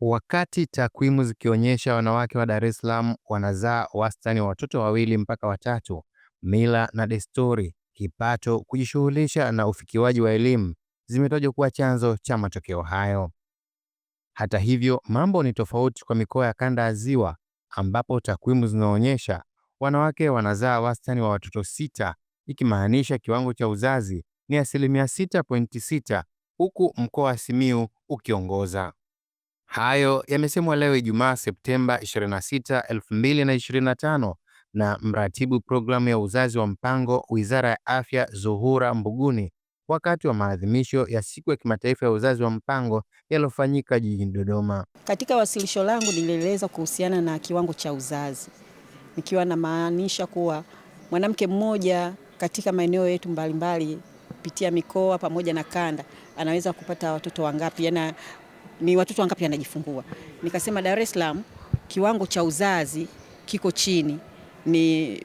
Wakati takwimu zikionyesha wanawake wa Dar es Salaam wanazaa wastani wa watoto wawili mpaka watatu, mila na desturi, kipato, kujishughulisha na ufikiwaji wa elimu zimetajwa kuwa chanzo cha matokeo hayo. Hata hivyo, mambo ni tofauti kwa mikoa ya kanda ya Ziwa ambapo takwimu zinaonyesha wanawake wanazaa wastani wa watoto sita, ikimaanisha kiwango cha uzazi ni asilimia 6.6 huku mkoa wa Simiyu ukiongoza. Hayo yamesemwa leo Ijumaa Septemba 26, 2025 na mratibu programu ya uzazi wa mpango Wizara ya Afya Zuhura Mbuguni wakati wa maadhimisho ya Siku ya Kimataifa ya Uzazi wa Mpango yaliyofanyika jijini Dodoma. Katika wasilisho langu nilieleza kuhusiana na kiwango cha uzazi, nikiwa na maanisha kuwa mwanamke mmoja katika maeneo yetu mbalimbali kupitia mikoa pamoja na kanda anaweza kupata watoto wangapi, yana ni watoto wangapi wanajifungua. Nikasema Dar es Salaam kiwango cha uzazi kiko chini ni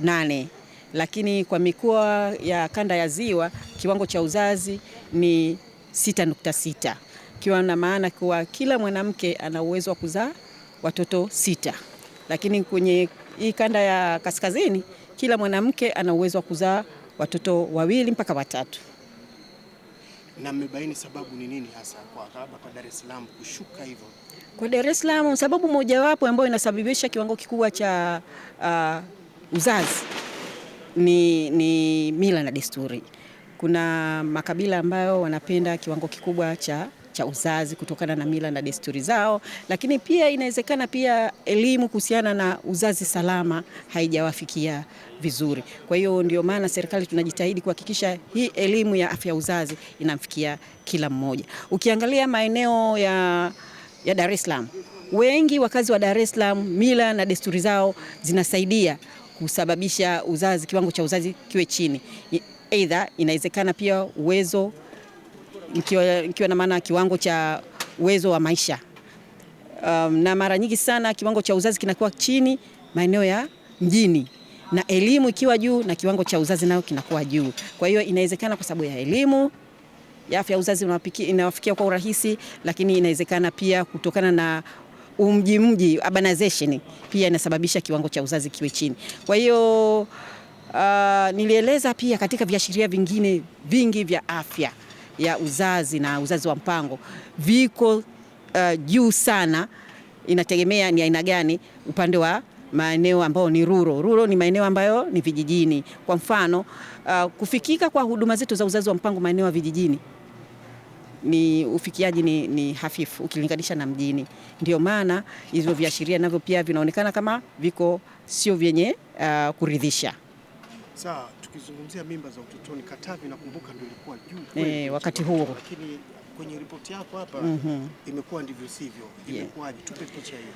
nane lakini kwa mikoa ya kanda ya ziwa kiwango cha uzazi ni nukta sita kiwa na maana kuwa kila mwanamke ana uwezo wa kuzaa watoto sita, lakini kwenye hii kanda ya kaskazini kila mwanamke ana uwezo wa kuzaa watoto wawili mpaka watatu na mmebaini sababu ni nini hasa kwa labda kwa Dar es Salaam kushuka hivyo? Kwa Dar es Salaam sababu mojawapo ambayo inasababisha kiwango kikubwa cha uh, uzazi ni, ni mila na desturi. Kuna makabila ambayo wanapenda kiwango kikubwa cha cha uzazi kutokana na mila na desturi zao, lakini pia inawezekana pia elimu kuhusiana na uzazi salama haijawafikia vizuri. Kwa hiyo ndio maana serikali tunajitahidi kuhakikisha hii elimu ya afya ya uzazi inamfikia kila mmoja. Ukiangalia maeneo ya, ya Dar es Salaam, wengi wakazi wa Dar es Salaam mila na desturi zao zinasaidia kusababisha uzazi kiwango cha uzazi kiwe chini. Aidha, inawezekana pia uwezo nikiwa, ikiwa na maana kiwango cha uwezo wa maisha um, na mara nyingi sana kiwango cha uzazi kinakuwa chini maeneo ya mjini na elimu ikiwa juu na kiwango cha uzazi nayo kinakuwa juu. Kwa hiyo inawezekana kwa sababu ya elimu ya afya uzazi inawafikia kwa urahisi, lakini inawezekana pia kutokana na umji mji urbanization pia inasababisha kiwango cha uzazi kiwe chini. Kwa hiyo uh, nilieleza pia katika viashiria vingine vingi vya afya ya uzazi na uzazi wa mpango viko uh, juu sana, inategemea ni aina gani. Upande wa maeneo ambayo ni ruro ruro, ni maeneo ambayo ni vijijini. Kwa mfano uh, kufikika kwa huduma zetu za uzazi wa mpango maeneo ya vijijini ni ufikiaji ni, ni hafifu ukilinganisha na mjini. Ndio maana hivyo viashiria navyo pia vinaonekana kama viko sio vyenye uh, kuridhisha. Sawa tukizungumzia mimba za utotoni Katavi, nakumbuka ndio ilikuwa juu eh, wakati huo, lakini kwenye ripoti yako hapa mm -hmm. imekuwa ndivyo sivyo, imekuwaje? yeah. tupe picha hiyo.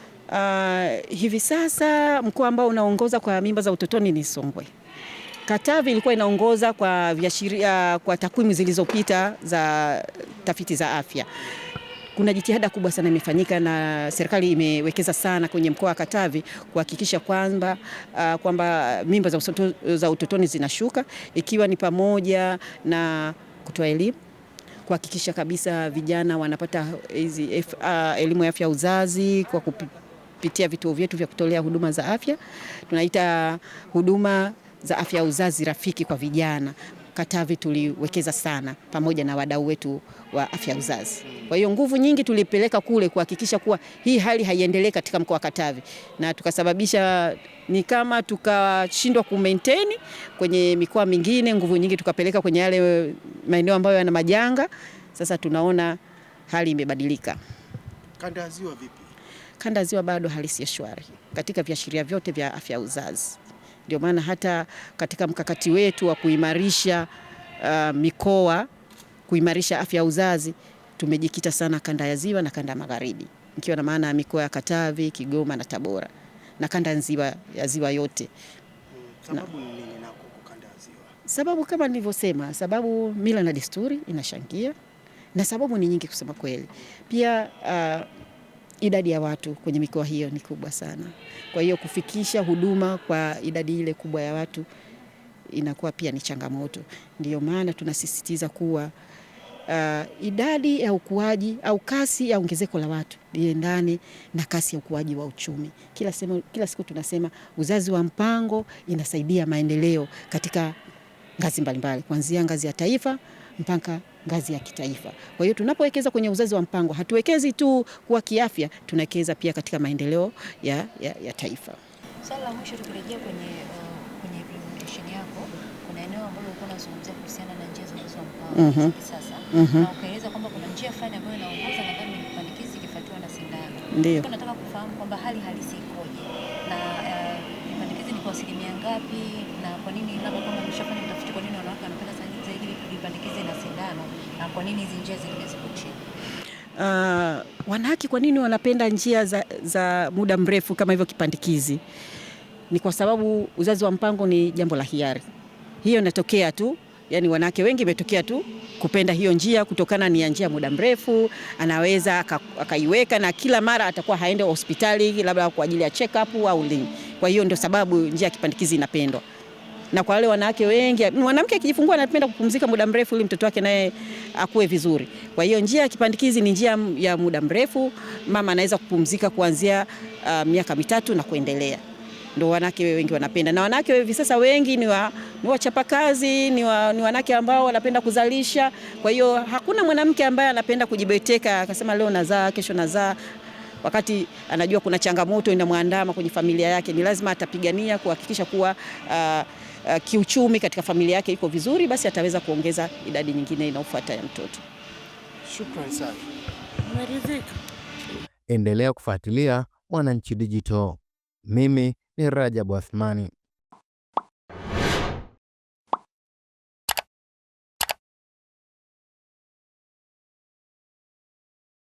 Uh, hivi sasa mkoa ambao unaongoza kwa mimba za utotoni ni Songwe. Katavi ilikuwa inaongoza kwa viashiria, kwa takwimu zilizopita za tafiti za afya kuna jitihada kubwa sana imefanyika na serikali imewekeza sana kwenye mkoa wa Katavi kuhakikisha kwamba uh, kwamba mimba za, usoto, za utotoni zinashuka ikiwa ni pamoja na kutoa elimu kuhakikisha kabisa vijana wanapata hizi uh, elimu ya afya uzazi kwa kupitia vituo vyetu vya kutolea huduma za afya, tunaita huduma za afya uzazi rafiki kwa vijana. Katavi tuliwekeza sana pamoja na wadau wetu wa afya uzazi. Kwa hiyo nguvu nyingi tulipeleka kule kuhakikisha kuwa hii hali haiendelee katika mkoa wa Katavi, na tukasababisha ni kama tukashindwa ku maintain kwenye mikoa mingine, nguvu nyingi tukapeleka kwenye yale maeneo ambayo yana majanga. Sasa tunaona hali imebadilika. Kanda ya Ziwa vipi? Kanda ya Ziwa bado hali si shwari katika viashiria vyote vya afya uzazi. Ndio maana hata katika mkakati wetu wa kuimarisha uh, mikoa kuimarisha afya ya uzazi tumejikita sana kanda ya ziwa na kanda ya magharibi, nikiwa na maana ya mikoa ya Katavi, Kigoma na Tabora na kanda nziwa, ya ziwa yote. Sababu ni nini nako kanda ya ziwa? Sababu kama nilivyosema, sababu mila na desturi inashangia na sababu ni nyingi kusema kweli pia uh, idadi ya watu kwenye mikoa hiyo ni kubwa sana. Kwa hiyo kufikisha huduma kwa idadi ile kubwa ya watu inakuwa pia ni changamoto. Ndiyo maana tunasisitiza kuwa uh, idadi ya ukuaji au kasi ya ongezeko la watu liendane na kasi ya ukuaji wa uchumi. Kila, sema, kila siku tunasema uzazi wa mpango inasaidia maendeleo katika ngazi mbalimbali kuanzia ngazi ya taifa mpaka ngazi ya kitaifa. Kwa hiyo tunapowekeza kwenye uzazi wa mpango hatuwekezi tu kwa kiafya, tunawekeza pia katika maendeleo ya, ya, ya taifa. Swali la mwisho tukirejea kwenye uh, kwenye presentation yako, kuna eneo ambalo ulikuwa unazungumzia kuhusiana na njia za uzazi mhm. wa mpango sasa, mm -hmm. na ukaeleza kwamba kuna njia fulani ambayo inaongoza na kama ni pandikizi kifuatiwa na sindano. Ndio Nataka kufahamu kwamba hali halisi ikoje na uh, pandikizi ni kwa asilimia ngapi na kwa nini labda kama mshafanya na kwa nini hizi njia zingine ziko chini? Uh, wanawake kwa nini wanapenda njia za, za muda mrefu kama hivyo kipandikizi? Ni kwa sababu uzazi wa mpango ni jambo la hiari, hiyo inatokea tu yani wanawake wengi imetokea tu kupenda hiyo njia kutokana ni njia muda mrefu, anaweza akaiweka na kila mara atakuwa haende hospitali labda kwa ajili ya check up au nini. Kwa hiyo ndio sababu njia ya kipandikizi inapendwa na kwa wale wanawake wengi, mwanamke akijifungua anapenda kupumzika muda mrefu ili mtoto wake naye akue vizuri. Kwa hiyo njia ya kipandikizi ni njia ya muda mrefu, mama anaweza kupumzika kuanzia uh, miaka mitatu na kuendelea ndo wanawake wengi wanapenda, na wanawake hivi sasa wengi ni wa ni wachapakazi, ni wanawake ambao wanapenda kuzalisha. Kwa hiyo hakuna mwanamke ambaye anapenda kujibeteka akasema leo nazaa, kesho nazaa, wakati anajua kuna changamoto inamwandama kwenye familia yake. Ni lazima atapigania kuhakikisha kuwa uh, uh, kiuchumi katika familia yake iko vizuri, basi ataweza kuongeza idadi nyingine inayofuata ya mtoto. Shukrani sana. Umeridhika? Endelea kufuatilia Mwananchi Digital. Mimi ni Rajabu Athmani.